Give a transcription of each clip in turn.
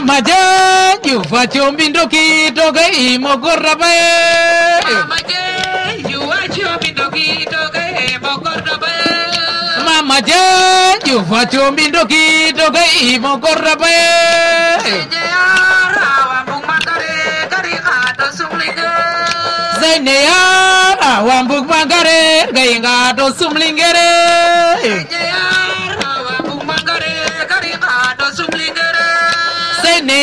Mama Jane, you watch your window key, toga imo gorabe. Mama Jane, you watch your window key, toga imo gorabe. Mama Jane, you watch your window key, toga imo gorabe. Zainaya, awambuk mangare, gainga to sumlingere. Zainaya,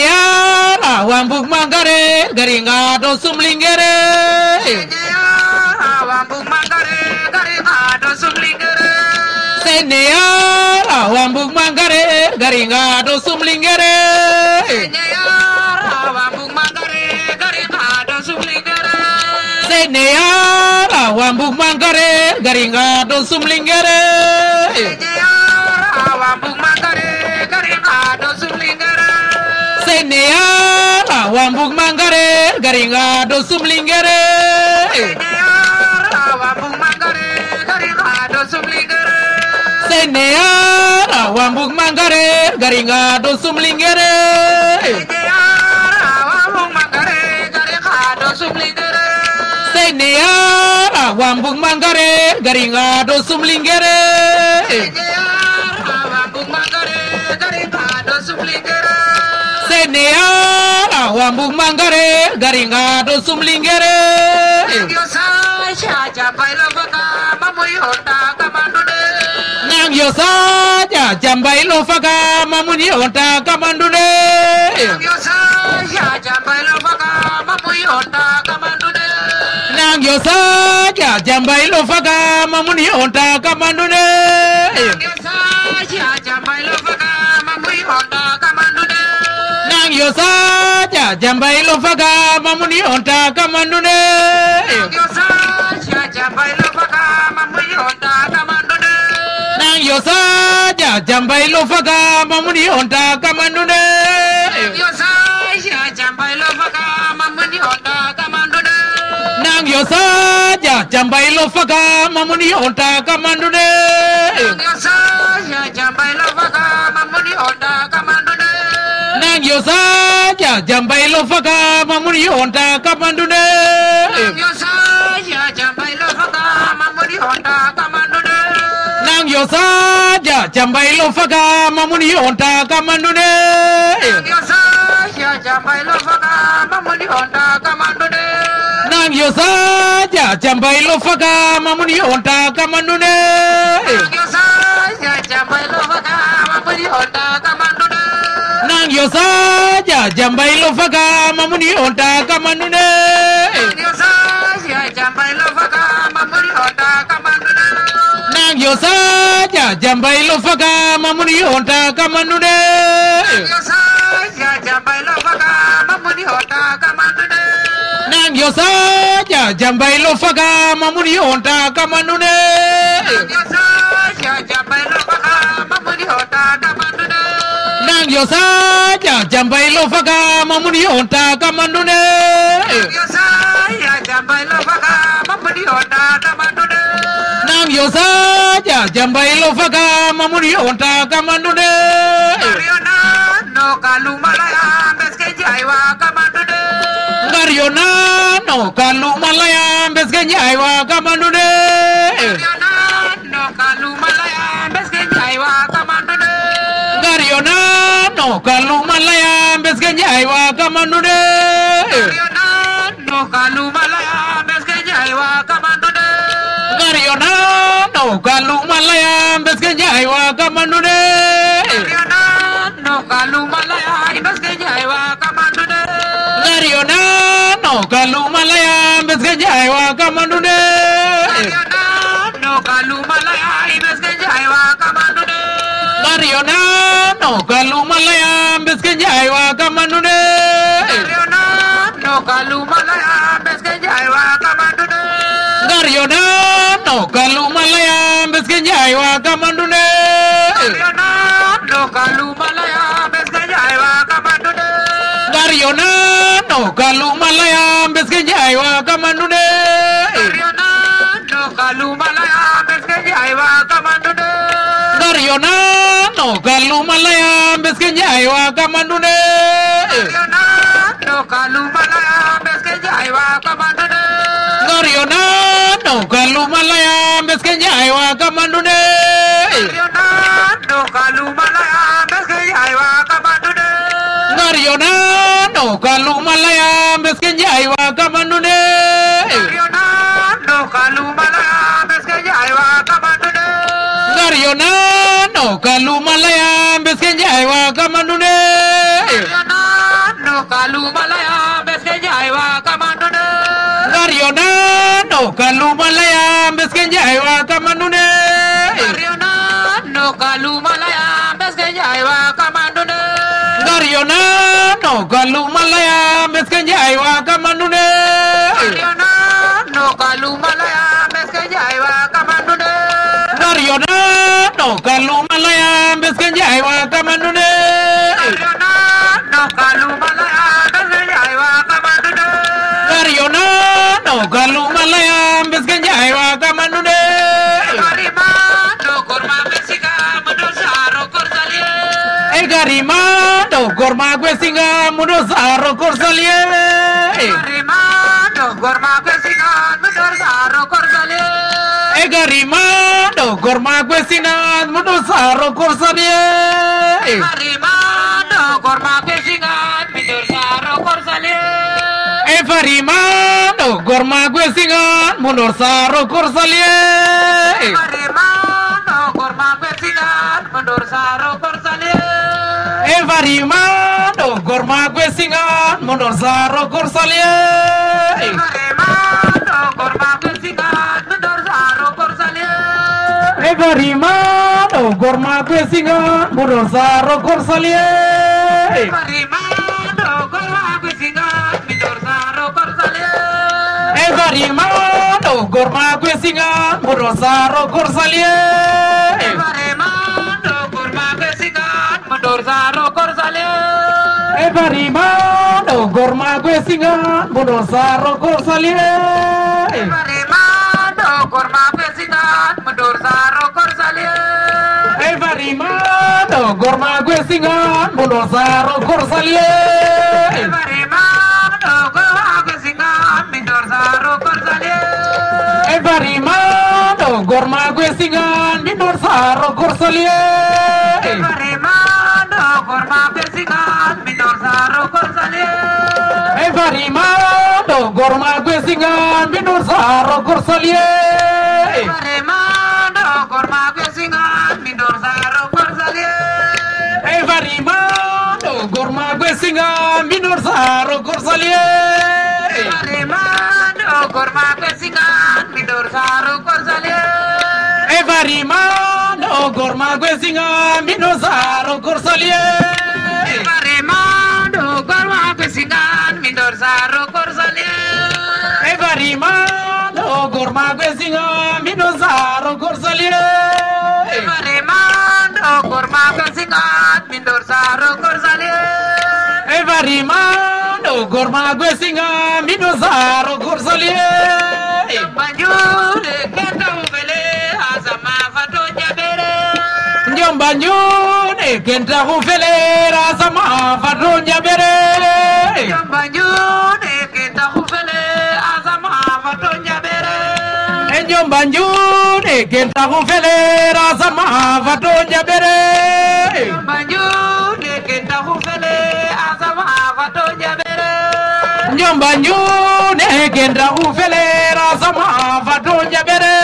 awa mbug mangare garinga do sumlingere awa mbug do sumlingere seneya awa mbug mangare garinga do sumlingere seneya awa mbug mangare garinga do sumlingere seneya awa mbug mangare do sumlingere yala wa mbug mangare garinga do sumlingere Sene yara wa mbug mangare garinga do sumlingere Sene yara wa mbug mangare garinga do sumlingere Sene yara wa mbug mangare garinga do sumlingere neya wambu mangare garinga do sumlingere nang yo saja jambai lo faga mamun yonta kamandude nang yo saja jambai lo faga mamun yonta kamandude nang yo saja jambai lo yo saja jambaylo faga mamuni onta kamandune yo saja jambaylo faga mamuni onta kamandune nang faga mamuni onta kamandune yo saja jambaylo faga mamuni onta kamandune nang faga mamuni onta kamandune nang yo saja jambaylo yo saja jambailo faka mamuri honta kamandude nang yo saja jambailo faka mamuri honta kamandude nang yo saja jambailo faka mamuri honta kamandude nang yo saja jambailo faka mamuri honta kamandude nang honta kamandude nang nang yo saja jambai lo faka mamuni onta kamanune nang yo saja jambai lo faka yo saya jambailo faka mamuni yonta kamandune yo saya jambailo faka mamuni yonta kamandune nam yo saya jambailo faka mamuni yonta kamandune yo no kalumalaya beske jaiwa kamandune yo na no kalumalaya beske jaiwa kamandune no kaluma laya mbeske njaay wa kamandude no kaluma laya mbeske njaay wa kamandude gariyo na no kaluma laya mbeske njaay wa kamandude gariyo na no kaluma laya mbeske njaay wa kamandude gariyo na no kaluma laya mbeske njaay wa kamandude na no kalumalaya mbeske njaay wa kamandu ne ngar yo na no kalumalaya mbeske njaay wa kamandu ne ngar yo na no kalumalaya mbeske njaay wa kamandu ne ngar yo na no kalumalaya mbeske njaay wa kamandu ne ngar yo na no kalumalaya mbeske njaay wa kamandu ne yo nano kalumalaya mbeske njaay waa kamandune yo nano kalumalaya mbeske njaay waa kamandune ngor yo nano kalumalaya mbeske njaay waa kamandune yo nano kalumalaya mbeske njaay waa kamandune ngor yo nano kalumalaya mbeske njaay waa kamandune yo nano kalumalaya mbeske njaay waa kamandune yo nano kalumalaya mbeske njaay wa kamandu ne yo nano kalumalaya mbeske njaay wa kamandu ne ngar yo nano kalumalaya mbeske njaay wa kamandu ne ngar yo nano kalumalaya mbeske njaay wa kamandu ne ngar yo nano kalumalaya mbeske njaay wa kamandu ne ngar yo nano kalumalaya ɗaukalu malaya biskin ji aiwa ta manu ne ɗaukalu malaya biskin ji aiwa ta manu ne ƙaryo na ɗaukalu malaya biskin ji aiwa ta manu ne ƙarima ɗaukar ma bisika mudu saro korsaliye ƙarima ɗaukar ma bisika mudu saro korsaliye ƙarima ɗaukar ma bisika garimando gormak wesinat mendosaro korsane garimando gormak wesinat mendosaro korsane Efarimando gormak wesingan mundur saro korsalie Efarimando gormak wesingan mundur saro korsalie Efarimando gormak wesingan mundur saro korsalie Efarimando gormak wesingan bariman o gorma besinga budor saro gor salie bariman o gorma besinga budor saro gor salie e bariman o gorma besinga budor saro gor salie bariman o gorma besinga budor saro gor salie e bariman o gorma besinga budor saro gor salie bariman ɗo gormago e sigan mboɗo saro gorsalle e barima ɗo gormago e sigan mi ɗon saro gorsalle e barima ɗo gormago e sigan mi ɗon saro gorsalle gormago marima ɗo gorma gue singa mbidorsaro gorsalie marima ɗo gorma gue singa mbidorsaro gorsalie e marima ɗo gorma gue singa mbidorsaro gorsalie marima e ɗo gorma gue singa mbidorsaro gorsalie e marima ɗo gorma gue singa Arimano gorma gwesinga midozaro gorzolie Banjure kenda uvele azama vato jabere Njomba njune kenda uvele azama vato jabere Njomba e njune kenda uvele azama vato jabere Njomba njune kenda uvele azama vato jabere Njomba njune njomba njuune genra u felera sama fatu njaɓere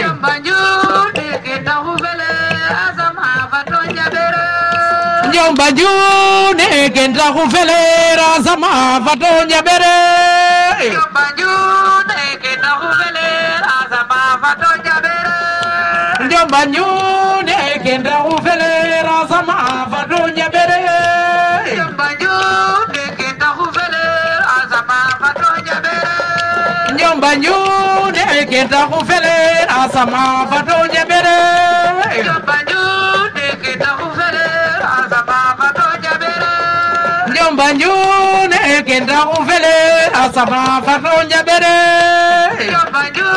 njomba njuune genra u felera sama fatu njaɓere njomba njuune genra u felera sama fatu njaɓere njomba njuune genra u felera sama fatu njaɓere njomba njuune genra u felera mbanju ne kenta ku fele asama fato jebere mbanju ne kenta ku fele asama fato jebere mbanju ne kenta ku fele asama fato jebere mbanju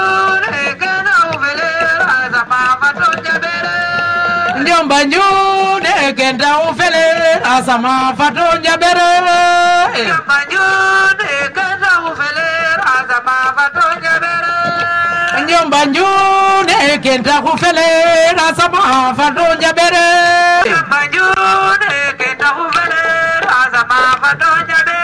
ne kenta ku fele asama fato jebere mbanju ne kenta ku njomba njuune kenta kufele na sama fatu njabere njomba njuune kenta kufele na sama fatu njabere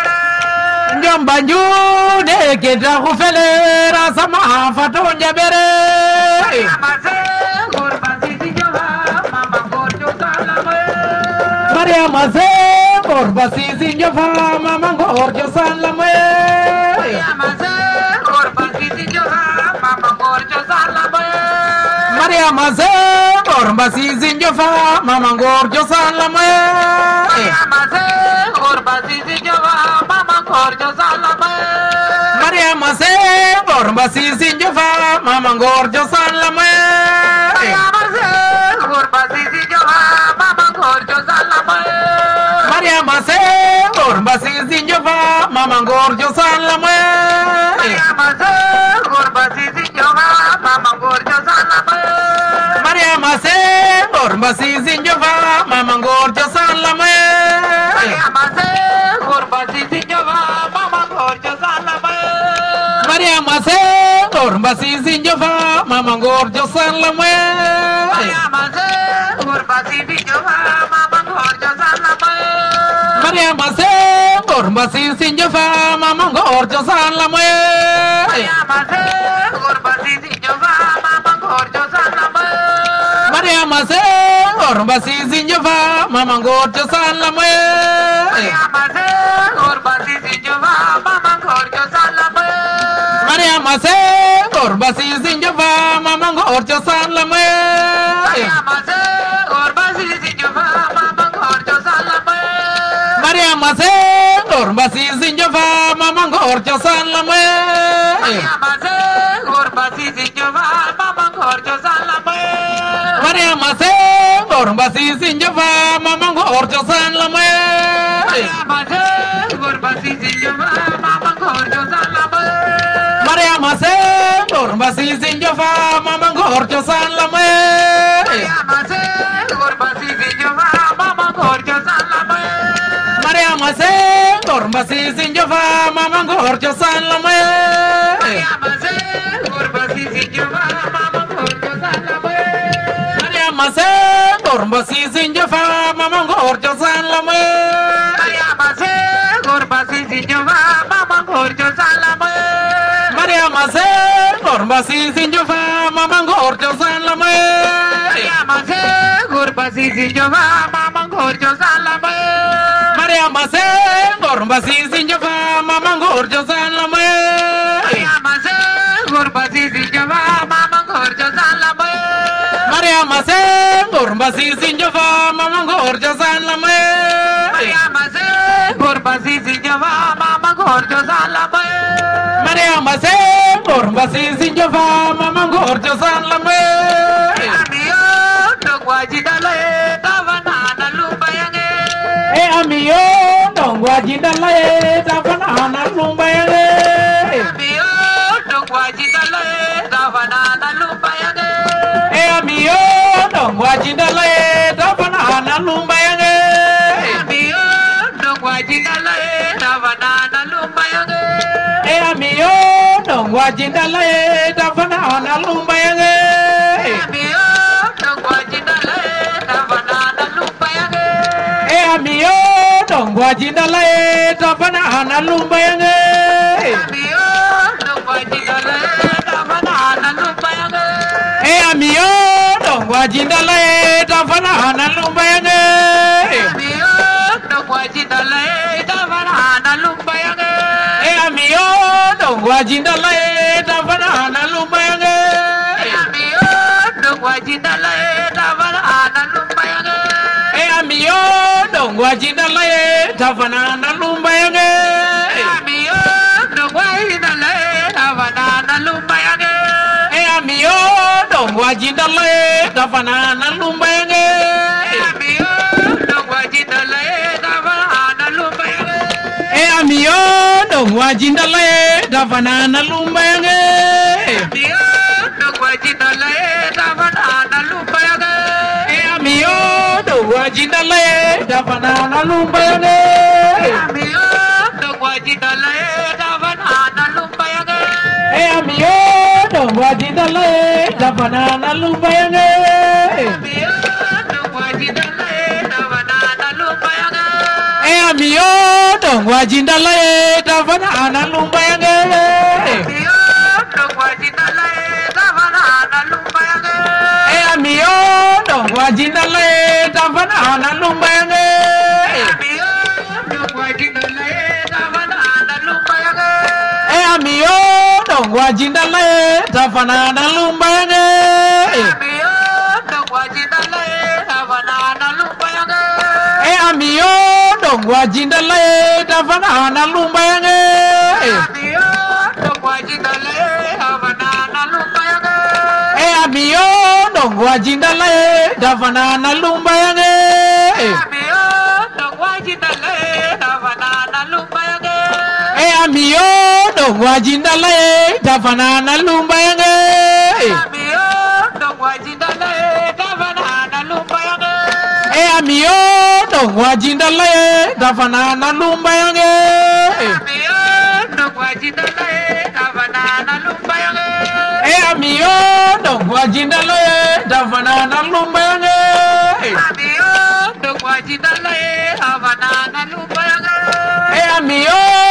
njomba njuune kenta kufele na sama fatu njabere Mariama se gorba sisi njofa mama gorjo salame Mariama se mariama se ngor mbasiisi njofa mama ngor josan la moye mariama se ngor mbasiisi njofa mama ngor josan la moye mariama se ngor mbasiisi njofa mama ngor josan la moye mariama se ngor mbasiisi njofa mama ngor josan la moye mariama se ngor mbasiisi njofa mama ngor josan la moye mariama se amase ngor basi sinjo fa mama ngor cosaan la maye amase ngor basi sinjo fa mama ngor cosaan la maye bari amase ngor basi sinjo fa mama ngor cosaan la maye bari amase ngor basi sinjo fa mama ngor cosaan la maye bari amase ngor basi sinjo fa mama ngor cosaan la maye bari amase yamase orba sisi njufa mama ngorjo salama ye yamase orba sisi njufa mama ngorjo salama ye mariama se orba sisi njufa mama ngorjo se orba sisi njufa mama mama ngorjo salama ye mariama Mariama Sène Ngor Mbasisi Ndiafa mama Ngor cosaan la may. Mariama Sène Ngor Mbasisi Ndiafa mama Ngor cosaan la may. Mariama Sène Ngor Mbasisi Ndiafa mama Ngor cosaan la may. Mariama Sène Ngor Mbasisi Ndiafa mama Ngor cosaan la may. Mariama Sène Ngor Mbasisi Ndiafa mama Ngor cosaan la may. Samba Cissé Ndioufa mama Ngor cosaan la muy. Mariama Se Ngor Ba Cissé Ndioufa mama Ngor cosaan la muy. Mariama Se Ngor Ba Cissé Ndioufa mama Ngor cosaan la muy. Mariama Se Ngor Ba Cissé Ndioufa mama Ngor cosaan la muy. Mariama Se Ngor Ba Cissé Ndioufa mama Ngor cosaan la muy. Mariama Sène Ngor Mbasisi Ndiofa Mama Ngor cosaan la maye. Mariama Sène Ngor Mbasisi Ndiofa Mama Ngor cosaan la maye. Mariama Sène Ngor Mbasisi Ndiofa Mama Ngor cosaan la maye. Amiyo ndongwa jidalaye tavana na lumba yange. E amiyo ndongwa jidalaye tavana na lumba yange. Amiyo ndongwa jidalaye tavana Ndiyo dongwa jindala e tavana hana lumba yange Ndiyo dongwa jindala e tavana hana lumba yange E amiyo dongwa jindala e tavana hana lumba yange Amiyo dongwa jindala e tavana hana lumba yange E amiyo dongwa jindala e tavana hana lumba yange Amiyo dongwa jindala e tavana hana lumba yange E amiyo kwajindala ye tafana hana lumbayage amiyo kwajindala ye tafana hana lumbayage eh, amiyo kwajindala ye tafana hana lumbayage amiyo kwajindala ye tafana hana lumbayage eh, amiyo kwajindala ye tafana hana lumbayage ji dalee dafa naa na lu mbay nge e eh, ami yo dog wa ji dalee dafa naa na lu mbay nge e eh, ami yo dog wa ji dalee dafa naa na lu mbay nge e eh, ami yo வாஜிதல்லே தவனா நல்லு பயங்க ஏ அமியோ டோங் வாஜிதல்லே தவனா நல்லு பயங்க ஏ அமியோ டோங் வாஜிதல்லே தவனா நல்லு பயங்க dogwajindale tafanana lumbayange amiyo dogwajindale tafanana lumbayange e eh, amiyo dogwajindale tafanana lumbayange amiyo dogwajindale tafanana lumbayange e eh, amiyo dogwajindale tafanana lumbayange Damiyo dongwa jindala e tafana na lumba yange Damiyo dongwa jindala e tafana na lumba yange E amiyo dongwa jindala e tafana na lumba yange Damiyo dongwa jindala e tafana na lumba yange E amiyo dongwa jindala e tafana na lumba yange Damiyo dongwa jindala e tafana na lumba yange E amiyo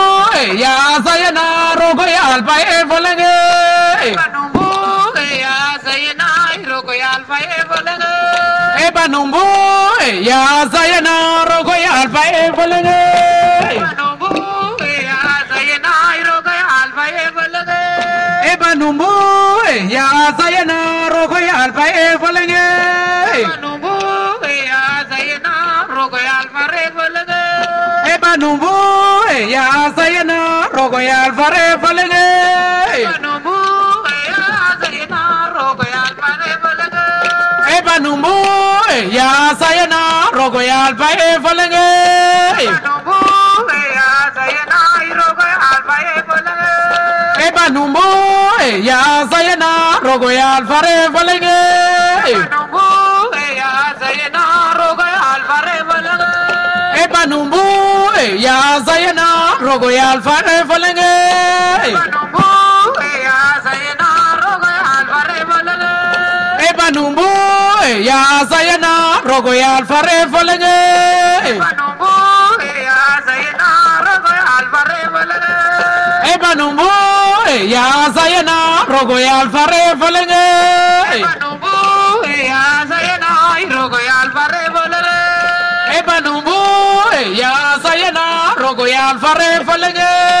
ya sa yana roko ya alfa e folenge banumbu ya sa yana roko ya alfa e folenge e banumbu ya sa yana roko ya alfa e folenge banumbu ya sa yana roko ya alfa e folenge e banumbu ya sa yana roko ya alfa e folenge banumbu numbu ya sayna rogo yal fare falege numbu ya sayna rogo yal fare falege e numbu ya sayna eh, rogo yal fare falege numbu ya manumbu eh, ya zayna rogo ya alfare eh, falenge manumbu eh, ya zayna rogo ya alfare falenge e manumbu ya zayna rogo ya alfare falenge manumbu ya zayna rogo ya alfare falenge e manumbu ya zayna rogo ya alfare falenge manumbu ya zayna rogo ya alfare falenge e manumbu ya sayena rogo yal fare falenge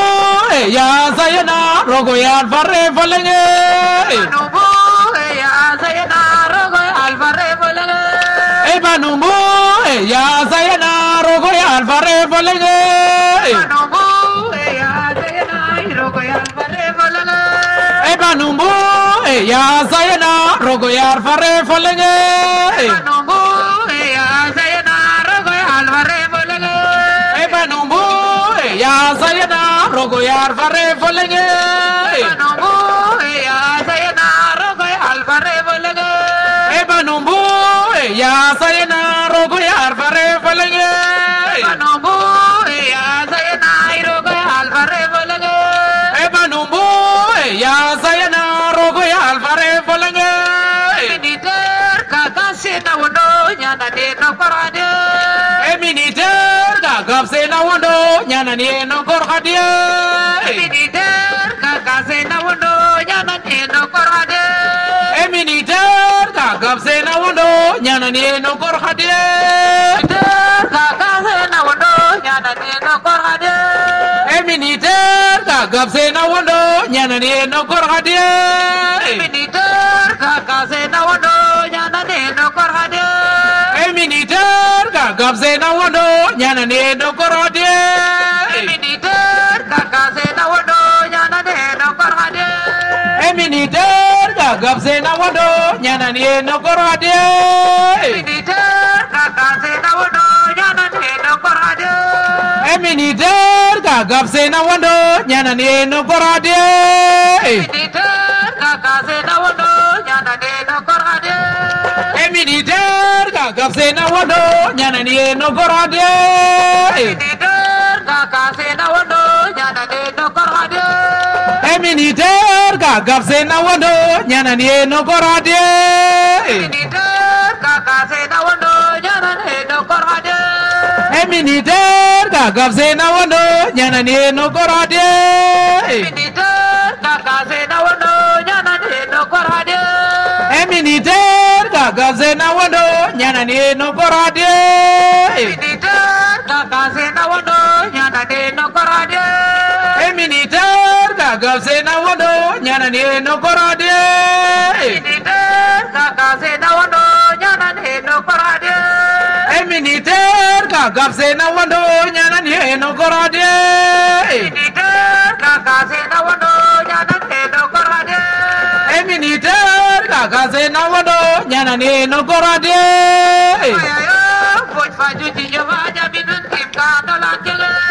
ya Zaina rogo ya alfarre falenge Banumbu ya Zaina rogo ya alfarre falenge e Banumbu ya Zaina rogo ya alfarre falenge Banumbu ya Zaina rogo ya alfarre falenge e Banumbu ya Zaina rogo ya alfarre falenge yaar fare folenge ebanumbu ya sayena rogo yaar fare folenge ebanumbu ya sayena rogo yaar fare folenge ebanumbu ya sayena rogo yaar fare folenge ebanumbu ya sayena rogo yaar fare folenge minister kakasina wodo nyana de no ñanan yeno gor xade éminiteur ka ka sena wondo ñanan yeno gor xade éminiteur ka ka sena wondo ñanan yeno gor xade éminiteur ka ka sena wondo ñanan yeno gor xade éminiteur ka ka sena wondo ñanan yeno gor xade éminiteur ka ka sena wondo ñanan yeno gor xade éminiteur ka ka sena wondo ñanan yeno gor Minister gagap sena wado nyanan ye no korade Minister gagap sena wado nyanan ye no korade Minister gagap sena wado nyanan ye no korade Minister gagap sena wado nyanan ye no korade Minister gagap sena wado nyanan ye no korade Minister gagap sena wado nyanan ye no korade Éminateur Gaga Sena Wondo ñaanal yee no korade Éminateur Gaga Sena Wondo ñaanal yee no korade Éminateur Gaga Sena Wondo ñaanal yee no korade Éminateur Gaga Sena Wondo ñaanal yee no korade Éminateur Gaga Sena Wondo ñaanal yee no korade Éminateur Gaga Sena Wondo ñaanal yee no korade Éminateur Kaka Sena Wado Nyana Nye Nokora De Eminite Kaka Sena Wado Nyana Nye Nokora De Eminite Kaka Sena Wado Nyana Nye Nokora De Eminite Kaka Sena Wado Nyana Nye Nokora De Eminite Kaka Sena Wado Nyana Nye Nokora De Ayayo Voice Fajuti Yavaja Binun Kim Kandolangele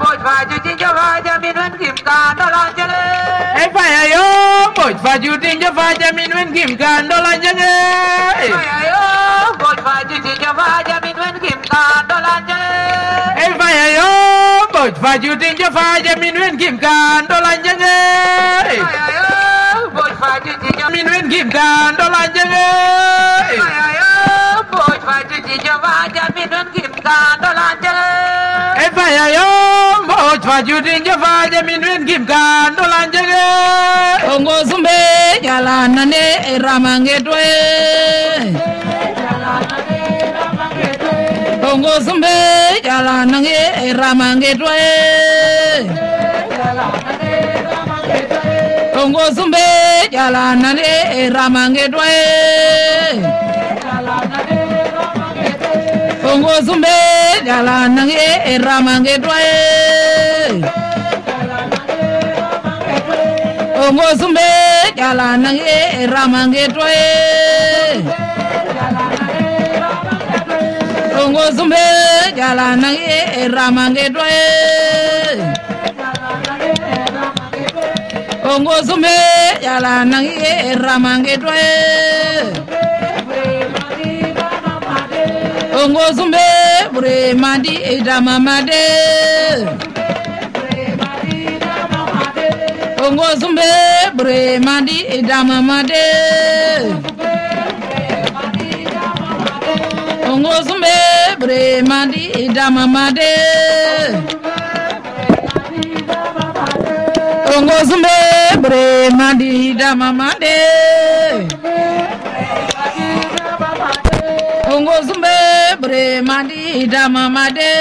Hey faya yo boj faju tinja faja min wen kim kan dola jenge Hey faya yo boj faju tinja faja min wen kim kan dola jenge Hey faya yo boj faju tinja faja min wen kim kan dola jenge Hey faya yo boj faju tinja min wen kim kan dola jenge Hey faya yo boj faju tinja faja min wen kim kan dola jenge e faya yo mbo hoj fa juuti jofaje min win gibka ndolan jege ongo sumbe jalanane e ramangetoe ongo sumbe jalanange e ramangetoe ongo sumbe jalanane e ramangetoe Kongo Zumbe jala nange eramange dwaye Kongo Zumbe jala nange eramange dwaye Kongo Zumbe jala nange eramange dwaye Bongo zumbe bure mandi ida mama de. Bongo zumbe bure mandi ida mama de. Bongo zumbe bure mandi ida mama de. Bongo zumbe bure mandi ida mama de. kule mandi dama made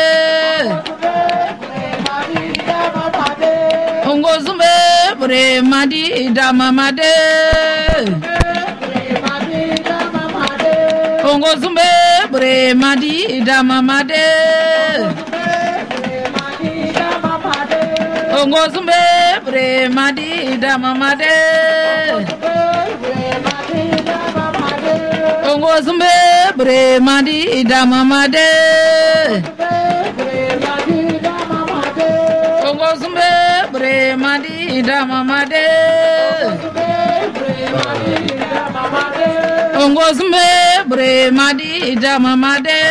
ngozumbe bure mandi dama made ngozumbe bure mandi dama made ngozumbe bure mandi dama made ngozumbe bre madi dama made kongo zumbe bre madi dama made kongo zumbe bre madi dama made kongo zumbe bre madi dama made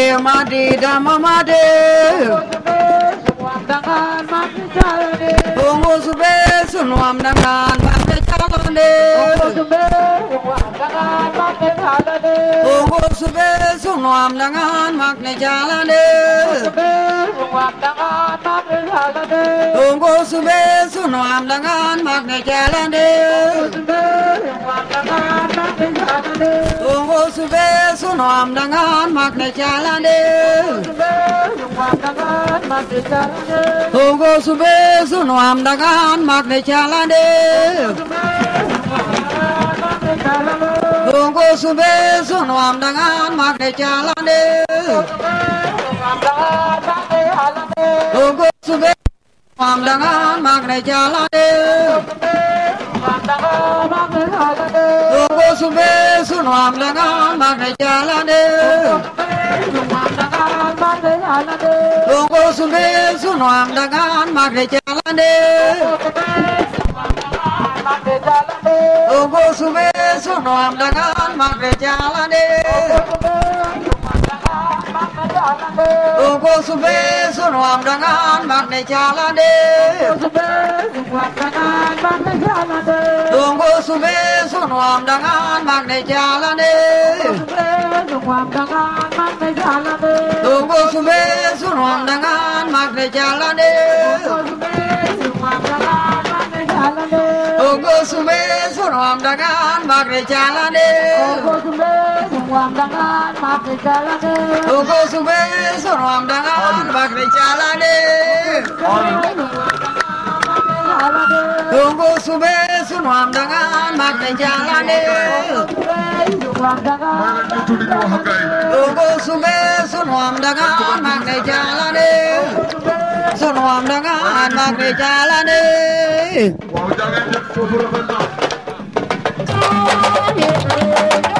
be mandi dama made dangan mandi jalde bungu sube sunwam dangan mandi jalde bungu sube Ugo sube sungno am dangan mak ne jalane Ugo sube sungno am dangan mak ne jalane Ugo sube sungno am dangan mak ne jalane Ugo sube sungno am dangan mak ne jalane Bungo sumbe sunuam dengan makne jalane Bungo sumbe sunuam dengan makne jalane Bungo sumbe sunuam dengan makne jalane Bungo sumbe sunuam dengan makne jalane Bungo sumbe sonoamdanan mangrejalane Ugo sube sonoamdanan mangrejalane Ugo sube sonoamdanan mangrejalane Ugo sube sonoamdanan mangrejalane Ugo sube Wamdangan Magri Jalani Ogo Sumbe Wamdangan Magri Jalani Ogo Sumbe Wamdangan Magri Jalani Ogo Sumbe Wamdangan Magri Jalani Ogo Sumbe Wamdangan Magri Jalani Sun Wamdangan Magri Jalani Wow jangan jadi sopur benar Amin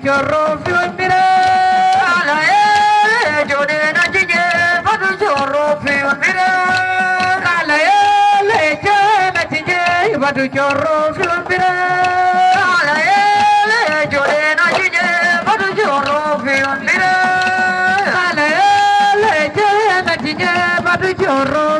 chorro fiu e mire ala ele jone na a madu chorro fiu e mire ala ele jone jige madu chorro fiu e mire ala ele jone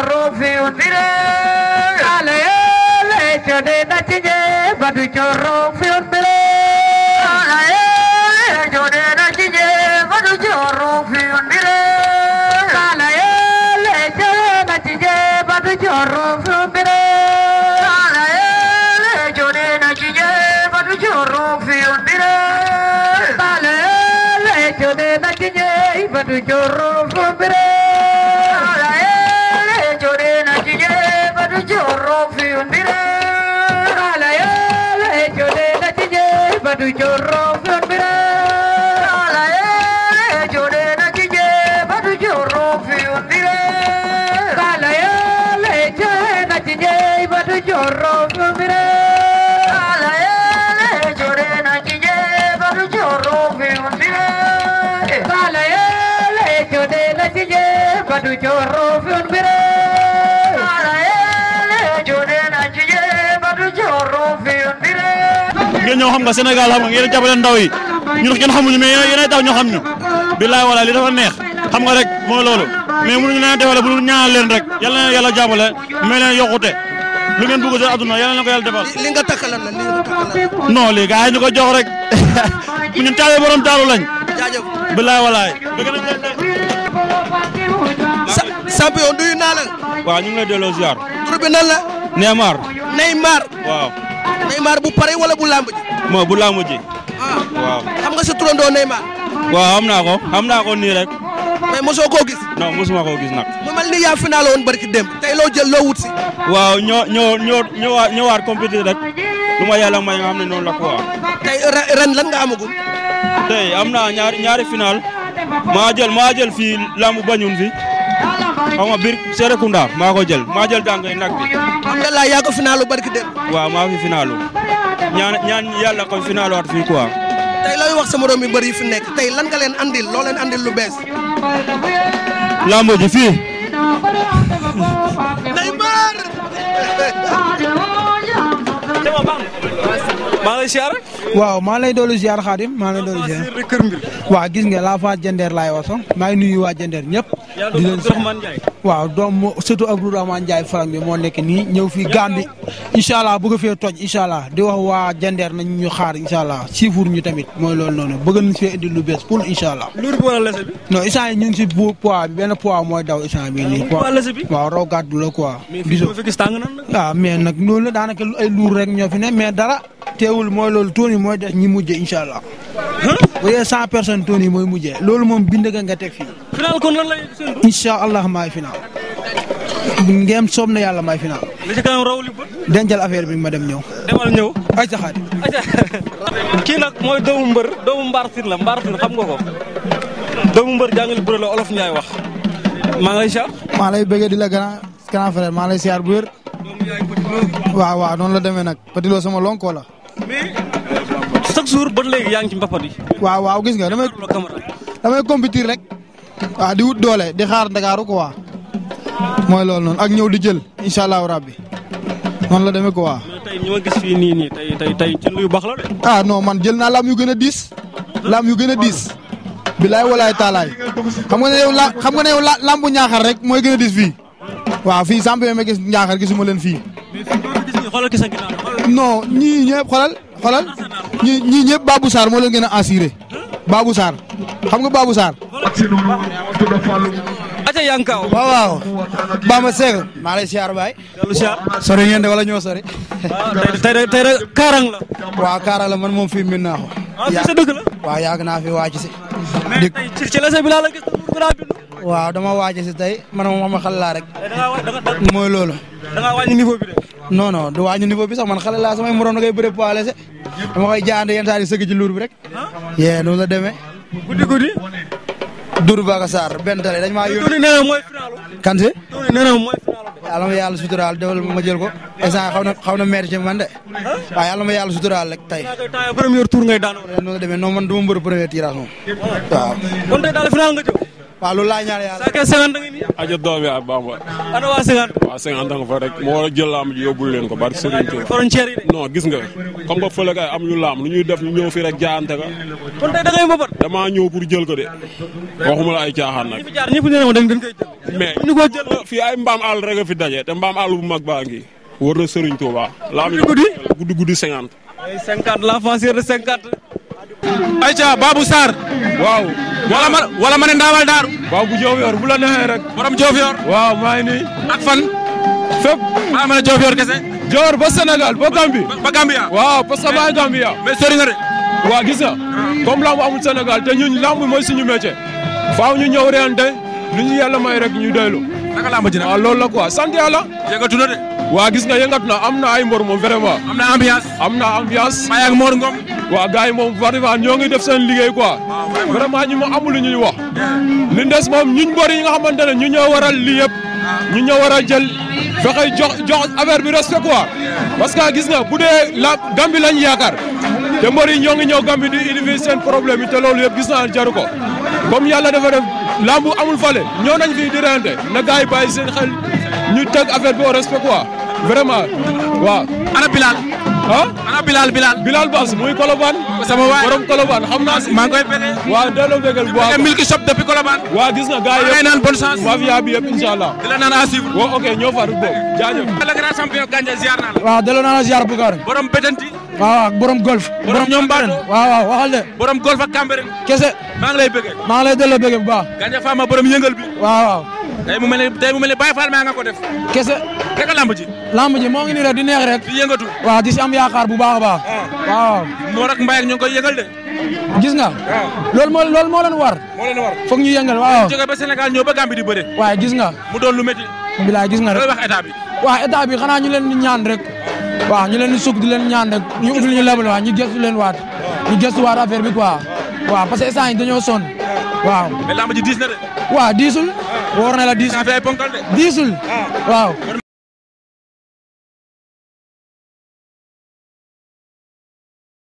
coro fiu dire ale ele chode da chije badu coro fiu الجوهر روف بري على جونين أجي بدو جوهر روف بري ngeen ñoo xam nga Sénégal xam nga ngeen jàppale ndaw yi ñun kenn xamuñu mais yéen ay taw ñoo ñu billaay wala li dafa neex xam nga rek mooy loolu mais mënuñu leen defale bu ñaanal leen rek yàlla na yàlla jàppale may leen yokkute lu ngeen bëgg ci àdduna yàlla na ko yàlla defal li nga takkal la li nga takkal ko jox rek ñun taale borom taalu lañ jaajëf billaay champion nuyu naa la. waaw ñu ngi lay delloo ziar. tur nan la. Neymar. Neymar. waaw. Neymar bu pare wala bu làmb ji. bu làmb ah. waaw xam nga sa turandoo Neymar. waaw am naa ko xam naa ko nii rek. mais mosoo koo gis. non mosuma koo gis nag. mu mel ni yaa final woon barki démb. tey loo jël loo wut si. waaw ñoo ñoo ñoo ñëwaat rek. lu ma yàlla may nga xam ne noonu la quoi. tey ren lan nga amagul. tey am naa ñaari ñaari final. jël maa jël bañun fi xaw ma biir maa ko jël maa jël daan koy nag bi. alhamdulilah yaa ko finaalu barki dem. waaw maa fi finaalu ñaan ñaan yàlla ko finaalu waat fii quoi. tey looy wax sama doom yu yi fi nekk tey lan nga leen andil loo leen andil lu bees. lamb ji fii. Neymar. maa lay ziar. waaw maa lay doolu ziar Xaadim maa lay doolu ziar. waaw gis nga laa fa jëndeer laay waso maa ngi nuyu waa jëndeer ñëpp. di leen waaw doom surtout Abdourahmane Ndiaye faram bi moo nekk nii ñëw fii Gambie incha allah bëgg fee toj incha allah di wax waa jandeer nañ ñu xaar incha allah siifuur ñu tamit mooy lool noonu bëgg nañ fee indi lu bees pour incha allah. luur bi wala ñu ngi si poids bi benn poids mooy daw instant bii nii. poids lese bi waaw raw la quoi. biso mais fi gis tàng nan ah, nag loolu la daanaka ay luur rek ñoo fi ne mais dara teewul mooy lool tuuni mooy des ñi mujj incha allah. bu dee cent personnes mooy mujjee loolu moom bind nga nga teg fii. final kon lan lay séntu. incha allah maay final. ngeen soob na yàlla maay final. dencal affaire bi ma dem ñëw. demal ñëw. ay saxaate. kii nag mooy doomu mbër doomu mbaar siin la mbaar siin xam nga ko doomu mbër jàngal bëre la olof Ndiaye wax maa ngi lay maa lay bëggee di la grand maa lay siyaar bu wér. waaw waaw noonu la demee nag Petit sama lonko la. chaque jour ba léegi yaa waaw waaw gis nga damay damay compétir rek. waaw di wut doole di xaar Ndakaaru quoi mooy lool noon ak ñëw di jël incha allahu rabbi noonu la demee ko mais tey ñu ma nii nii tey tey tey ci lu baax la de. Ah, man jël naa laam yu gën a diis laam yu gën a diis. bilaay walaay taalaay xam nga ne yow la xam ñaaxar rek mooy gën a diis fii waaw fii samp ma gis ñaaxar gisuma leen fii. mais ñii ñëpp xoolal ñi ñii ñëpp Babou Sarr moo leen gën a assuré Babou Sarr xam nga Babou Sarr. aca yankaaw waaw waaw Bamba Seck maa lay siyaar baay dellu sori ngeen de wala ñoo sori tey tey kaarang la waaw kaarang la man moom fi min naa ko ah, sa dëkk naa fi waaji si bi la gis waaw dama waaj si tey man moom xam nga rek mooy loolu da ngaa wàññi niveau bi non non du wàññi niveau bi sax man xale laa samay moroom da ngay bëre poids léger dama koy jaande yenn saa yi sëgg ci luur bi rek. yee noonu la demee. guddi guddi. Doudou Baka Sarr benn tale dañ maa si. yàlla ma yàlla suturaal defal ma jël ko instant xaw na xaw na métti ci man de waaw yàlla ma yàlla suturaal rek tey. premier tour ngay daan. noonu la demee non man du ma mbër premier tirage moom waaw. kon tey daal final nga jëm. waaw laa ñaan yàlla. saa a jël laam leen ko bari sëriñ gis nga comme que fële kay am lu ñuy def fi rek jaante ka. ñëw pour jël ko de waxuma la na mais ñu ko jël fii ay mbaam al rek a fi daje te mbaam àll bu mag baa ngi. war na sëriñ Tuuba. laam yi guddi guddi cinquante. ay cinquante la fancière de cinquante ayca Babou Sarr. waaw. wala ma wala ma ne Ndaawal Daaru. Babou Diofior bu la neexee rek. borom Diofior. waaw maa ngi nii. fan. fépp. maa ma ne Diofior kese. Dior ba Sénégal ba Gambie. ba Gambia. waaw parce que maa ngi Gambia. mais sori nga de. waaw gis nga. Ah. comme lamb amul Sénégal te ñun ñu ñëw lu ñu yàlla may rek ñu doylu. naka lamb ji nag waaw ah, loolu la quoi waa gis nga yëngat na am na ay mbor moom vraiment. am na ambiance. am na ambiance. Mbaye ak Mor Ngom. waa gars yi moom vraiment ñoo ngi def seen liggéey quoi. vraiment ñi ma amul lu ñuy wax. li des moom ñun mbor yi nga xamante ne ñu ñoo a lii yëpp. ñu ñoo war a jël fexe jox jox affaire bi respect quoi. parce que gis nga bu dee la Gambie lañ yaakaar. te mbor yi ñoo ngi ñëw Gambie di indi seen problème yi te loolu yëpp gis naa jaru ko. comme yàlla dafa def lambu amul fale ñoo nañ fii di rente na gars yi seen xel ñu teg affaire bi au respect quoi. vraiment waaw. ana Bilal. ah ana Bilal Bilal. Bilal Bass muy Colobane. sama waay borom Colobane xam naa si. maa ngi koy fekkee. waaw delloo la fekkeel bu baax nga milki shop depuis Colobane. waaw gis nga gars yëpp naan bonne chance. waa via bi yëpp incha allah. la naan à suivre. waaw ok ñoo faru boobu la. waaw delloo naa la borom golf. borom ñoom Badoo waaw waaw waxal de. borom golf kese. maa lay bëggee. maa lay delloo bëggee bu borom yëngal bi. waaw waaw tey mu mel ne tey maa nga ko def. kese rek lamb ji. moo ngi nii rek di neex rek. di yëngatu. waaw bu baax a baax. Ah. waaw. moo rek Mbaye ak ñu de. gis nga. waaw ah. loolu moo moo leen war. moo leen war foog ñu yëngal waaw. jóge ba Sénégal ñëw ba Gambie di waaye gis nga. mu doon lu métti. gis nga rek wax état bi. waaw état bi xanaa ñu leen di ñaan rek. waaw ñu leen di sukk di leen ñaan rek ñu utul ñu lebal waaw ñu gëstu leen waat. ñu gëstu waat affaire bi quoi. waaw parce que instant dañoo sonn. Ah. waaw mais waaw diisul. wóor na la diisul. diisul ah. waaw.